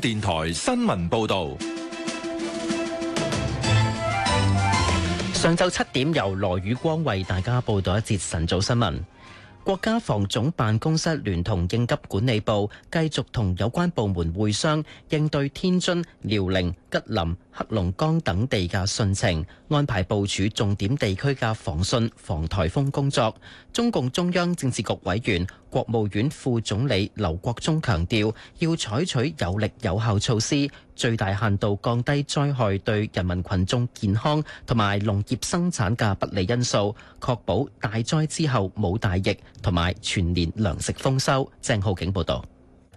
電台新聞報道。上晝七點，由羅宇光為大家報導一節晨早新聞。國家防總辦公室聯同應急管理部繼續同有關部門會商，應對天津、遼寧、吉林、黑龍江等地嘅汛情，安排部署重點地區嘅防汛防颱風工作。中共中央政治局委員、國務院副總理劉國中強調，要採取有力有效措施，最大限度降低災害對人民群眾健康同埋農業生產嘅不利因素，確保大災之後冇大疫。同埋全年糧食豐收。鄭浩景報道，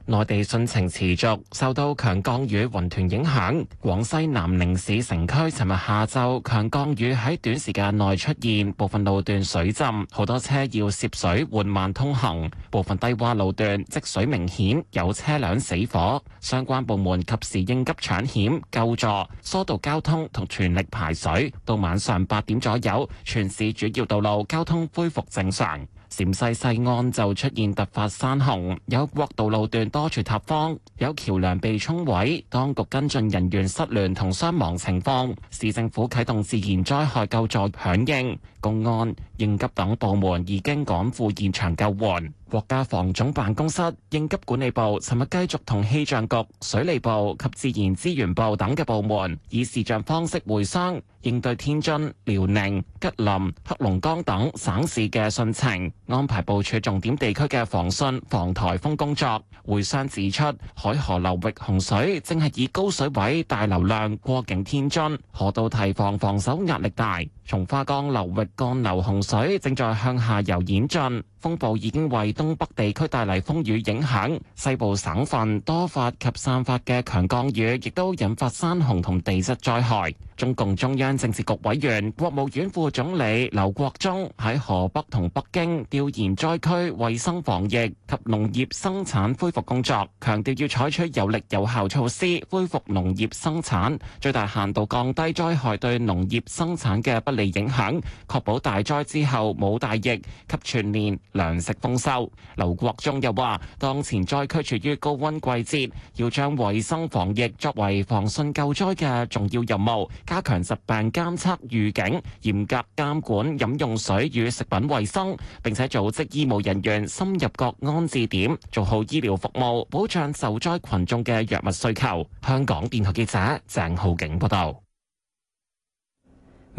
內地汛情持續，受到強降雨雲團影響。廣西南寧市城區尋日下晝強降雨喺短時間內出現，部分路段水浸，好多車要涉水緩慢通行，部分低窪路段積水明顯，有車輛死火。相關部門及時應急搶險救助，疏導交通同全力排水。到晚上八點左右，全市主要道路交通恢復正常。陝西西安就出現突發山洪，有國道路段多處塌方，有橋樑被沖毀，當局跟進人員失聯同傷亡情況，市政府啟動自然災害救助響應。公安、應急等部門已經趕赴現場救援。國家防總辦公室應急管理部尋日繼續同氣象局、水利部及自然資源部等嘅部門以視像方式會商，應對天津、遼寧、吉林、黑龍江等省市嘅汛情，安排部署重點地區嘅防汛防台風工作。會商指出，海河流域洪水正係以高水位、大流量過境天津，河道堤防防守壓力大。松花江流域幹流洪水正在向下游演進。東部已經為東北地區帶嚟風雨影響，西部省份多發及散發嘅強降雨，亦都引發山洪同地質災害。中共中央政治局委員、國務院副總理劉國中喺河北同北京調研災區衛生防疫及農業生產恢復工作，強調要採取有力有效措施，恢復農業生產，最大限度降低災害對農業生產嘅不利影響，確保大災之後冇大疫及全面，糧食豐收。劉國忠又話，當前災區處於高温季節，要將衛生防疫作為防汛救災嘅重要任務，加強疾病監測預警，嚴格監管飲用水與食品衛生，並且組織醫務人員深入各安置點，做好醫療服務，保障受災群眾嘅藥物需求。香港電台記者鄭浩景報道。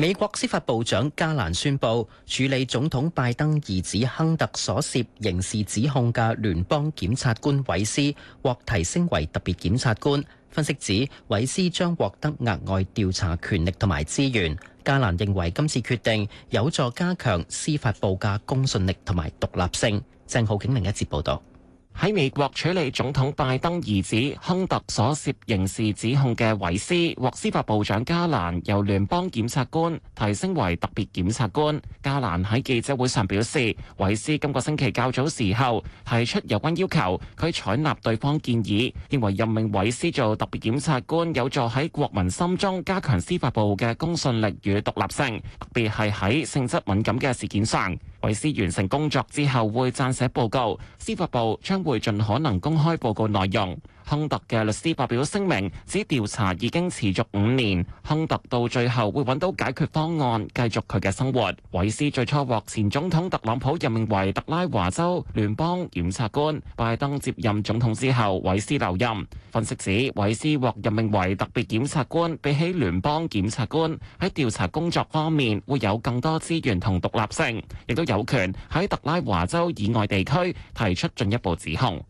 美國司法部長加蘭宣布，處理總統拜登兒子亨特所涉刑事指控嘅聯邦檢察官韋斯獲提升為特別檢察官。分析指，韋斯將獲得額外調查權力同埋資源。加蘭認為今次決定有助加強司法部嘅公信力同埋獨立性。正好景另一節報導。喺美國處理總統拜登兒子亨特所涉刑事指控嘅韋斯，獲司法部長加蘭由聯邦檢察官提升為特別檢察官。加蘭喺記者會上表示，韋斯今個星期較早時候提出有關要求，佢採納對方建議，認為任命韋斯做特別檢察官有助喺國民心中加強司法部嘅公信力與獨立性，特別係喺性質敏感嘅事件上。委斯完成工作之後，會撰寫報告，司法部將會盡可能公開報告內容。亨特嘅律師發表聲明，指調查已經持續五年，亨特到最後會揾到解決方案，繼續佢嘅生活。韋斯最初獲前總統特朗普任命為特拉華州聯邦檢察官，拜登接任總統之後，韋斯留任。分析指韋斯獲任命為特別檢察官，比起聯邦檢察官喺調查工作方面會有更多資源同獨立性，亦都有權喺特拉華州以外地區提出進一步指控。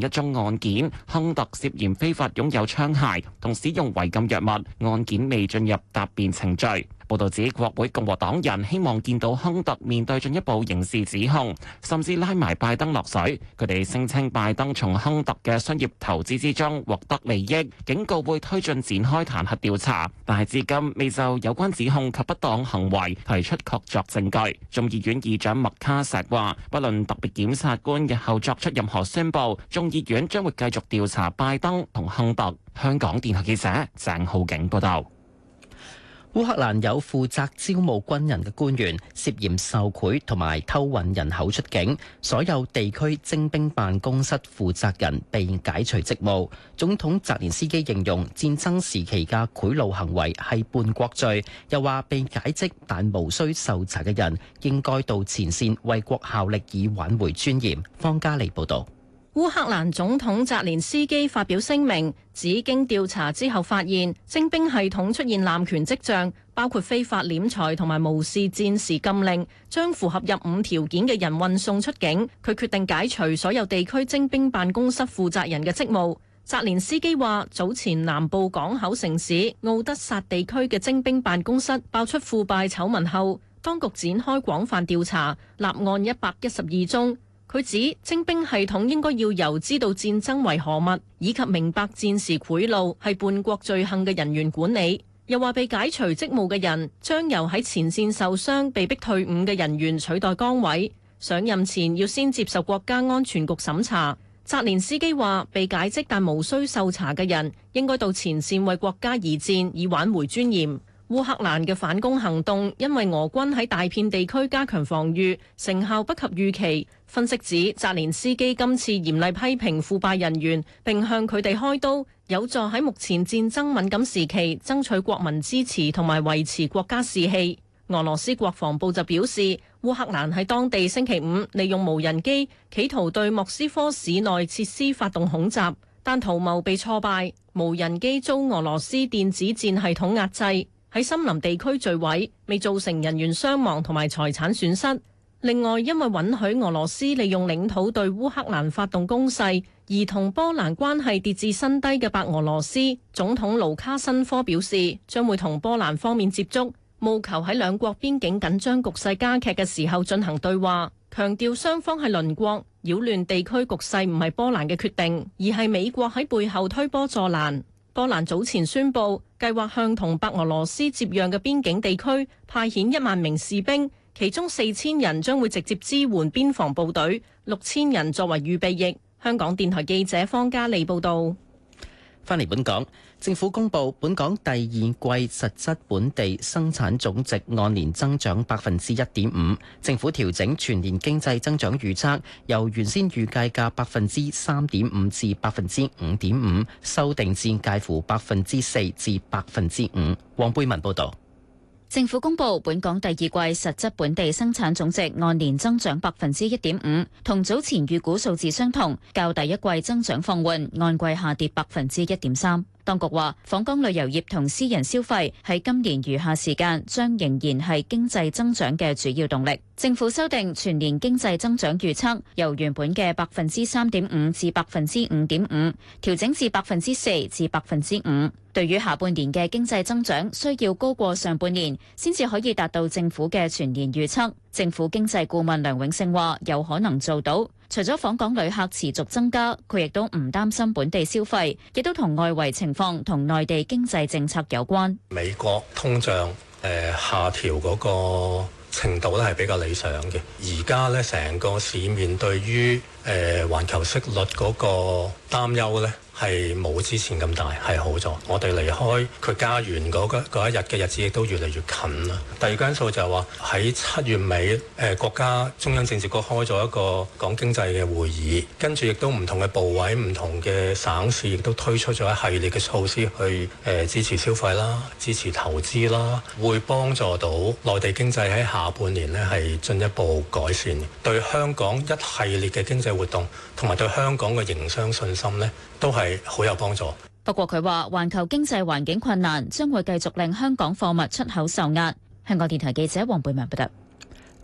一宗案件，亨特涉嫌非法擁有槍械同使用違禁藥物，案件未進入答辯程序。報道指國會共和黨人希望見到亨特面對進一步刑事指控，甚至拉埋拜登落水。佢哋聲稱拜登從亨特嘅商業投資之中獲得利益，警告會推進展開彈劾調查。但係至今未就有關指控及不當行為提出確鑿證據。眾議院議長麥卡錫話，不論特別檢察官日後作出任何宣佈，眾議院將會繼續調查拜登同亨特。香港電台記者鄭浩景報道。烏克蘭有負責招募軍人嘅官員涉嫌受賄同埋偷運人口出境，所有地區徵兵辦公室負責人被解除職務。總統澤連斯基形容戰爭時期嘅賄賂行為係叛國罪，又話被解職，但無需受查嘅人應該到前綫為國效力以挽回尊嚴，方嘉莉報道。烏克蘭總統澤連斯基發表聲明，指經調查之後發現徵兵系統出現濫權跡象，包括非法斂財同埋無視戰時禁令，將符合入伍條件嘅人運送出境。佢決定解除所有地區徵兵辦公室負責人嘅職務。澤連斯基話：早前南部港口城市奧德薩地區嘅徵兵辦公室爆出腐敗醜聞後，當局展開廣泛調查，立案一百一十二宗。佢指徵兵系統應該要由知道戰爭為何物以及明白戰時賄賂係叛國罪行嘅人員管理。又話被解除職務嘅人將由喺前線受傷、被逼退伍嘅人員取代崗位。上任前要先接受國家安全局審查。澤連斯基話，被解職但無需受查嘅人應該到前線為國家而戰，以挽回尊嚴。烏克蘭嘅反攻行動，因為俄軍喺大片地區加強防禦，成效不及預期。分析指，澤連斯基今次嚴厲批評腐敗人員，並向佢哋開刀，有助喺目前戰爭敏感時期爭取國民支持同埋維持國家士氣。俄羅斯國防部就表示，烏克蘭喺當地星期五利用無人機企圖對莫斯科市內設施發動恐襲，但圖謀被挫敗，無人機遭俄羅斯電子戰系統壓制。喺森林地區墜毀，未造成人員傷亡同埋財產損失。另外，因為允許俄羅斯利用領土對烏克蘭發動攻勢，而同波蘭關係跌至新低嘅白俄羅斯總統盧卡申科表示，將會同波蘭方面接觸，務求喺兩國邊境緊張局勢加劇嘅時候進行對話，強調雙方係鄰國，擾亂地區局勢唔係波蘭嘅決定，而係美國喺背後推波助瀾。波蘭早前宣布，計劃向同白俄羅斯接壤嘅邊境地區派遣一萬名士兵，其中四千人將會直接支援邊防部隊，六千人作為預備役。香港電台記者方嘉利報道。翻嚟本港，政府公布本港第二季實質本地生產總值按年增長百分之一點五。政府調整全年經濟增長預測，由原先預計嘅百分之三點五至百分之五點五，修訂至介乎百分之四至百分之五。黃貝文報道。政府公布本港第二季實質本地生產總值按年增長百分之一點五，同早前預估數字相同，較第一季增長放緩按季下跌百分之一點三。當局話訪港旅遊業同私人消費喺今年餘下時間將仍然係經濟增長嘅主要動力。政府修訂全年經濟增長預測由原本嘅百分之三點五至百分之五點五，調整至百分之四至百分之五。對於下半年嘅經濟增長，需要高過上半年，先至可以達到政府嘅全年預測。政府經濟顧問梁永勝話：有可能做到。除咗訪港旅客持續增加，佢亦都唔擔心本地消費，亦都同外圍情況同內地經濟政策有關。美國通脹誒下調嗰個程度咧，係比較理想嘅。而家咧，成個市面對於誒環球息率嗰個擔憂咧。係冇之前咁大，係好咗。我哋離開佢家園嗰嗰嗰一日嘅日子亦都越嚟越近啦。第二間數就係話，喺七月尾，誒、呃、國家中央政治局開咗一個講經濟嘅會議，跟住亦都唔同嘅部委唔同嘅省市亦都推出咗一系列嘅措施去，誒、呃、支持消費啦、支持投資啦，會幫助到內地經濟喺下半年咧係進一步改善，對香港一系列嘅經濟活動同埋對香港嘅營商信心咧都係。係好有幫助。不過，佢話環球經濟環境困難，將會繼續令香港貨物出口受壓。香港電台記者黃貝文報道。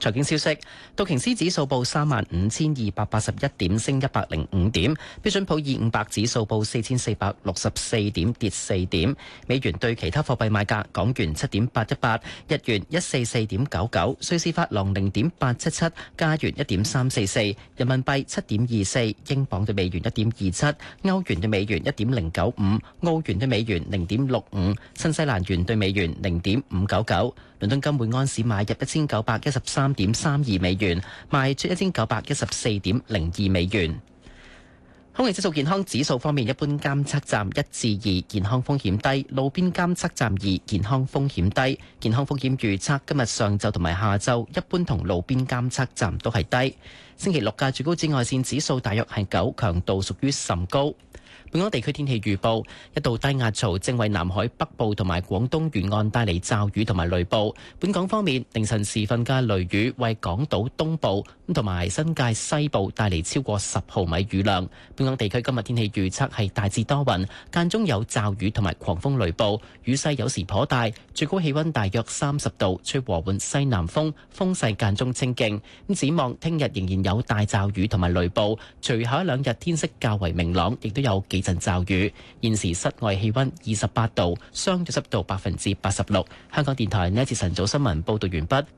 財經消息：道瓊斯指數報三萬五千二百八十一點，升一百零五點；標準普爾五百指數報四千四百六十四點，跌四點。美元對其他貨幣賣價：港元七點八一八，日元一四四點九九，瑞士法郎零點八七七，加元一點三四四，人民幣七點二四，英鎊對美元一點二七，歐元對美元一點零九五，澳元對美元零點六五，新西蘭元對美元零點五九九。倫敦金每安士買入一千九百一十三點三二美元，賣出一千九百一十四點零二美元。空氣質素健康指數方面，一般監測站一至二，健康風險低；路邊監測站二，健康風險低。健康風險預測今日上晝同埋下晝，一般同路邊監測站都係低。星期六嘅最高紫外線指數大約係九，強度屬於甚高。本港地區天氣預報，一道低壓槽正為南海北部同埋廣東沿岸帶嚟驟雨同埋雷暴。本港方面凌晨時分嘅雷雨為港島東部咁同埋新界西部帶嚟超過十毫米雨量。本港地區今日天氣預測係大致多雲間中有驟雨同埋狂風雷暴，雨勢有時頗大，最高氣温大約三十度，吹和緩西南風，風勢間中清勁。咁展望聽日仍然有大驟雨同埋雷暴，隨後一兩日天色較為明朗，亦都有。幾陣驟雨，現時室外氣溫二十八度，相對濕度百分之八十六。香港電台呢次晨早新聞報道完畢。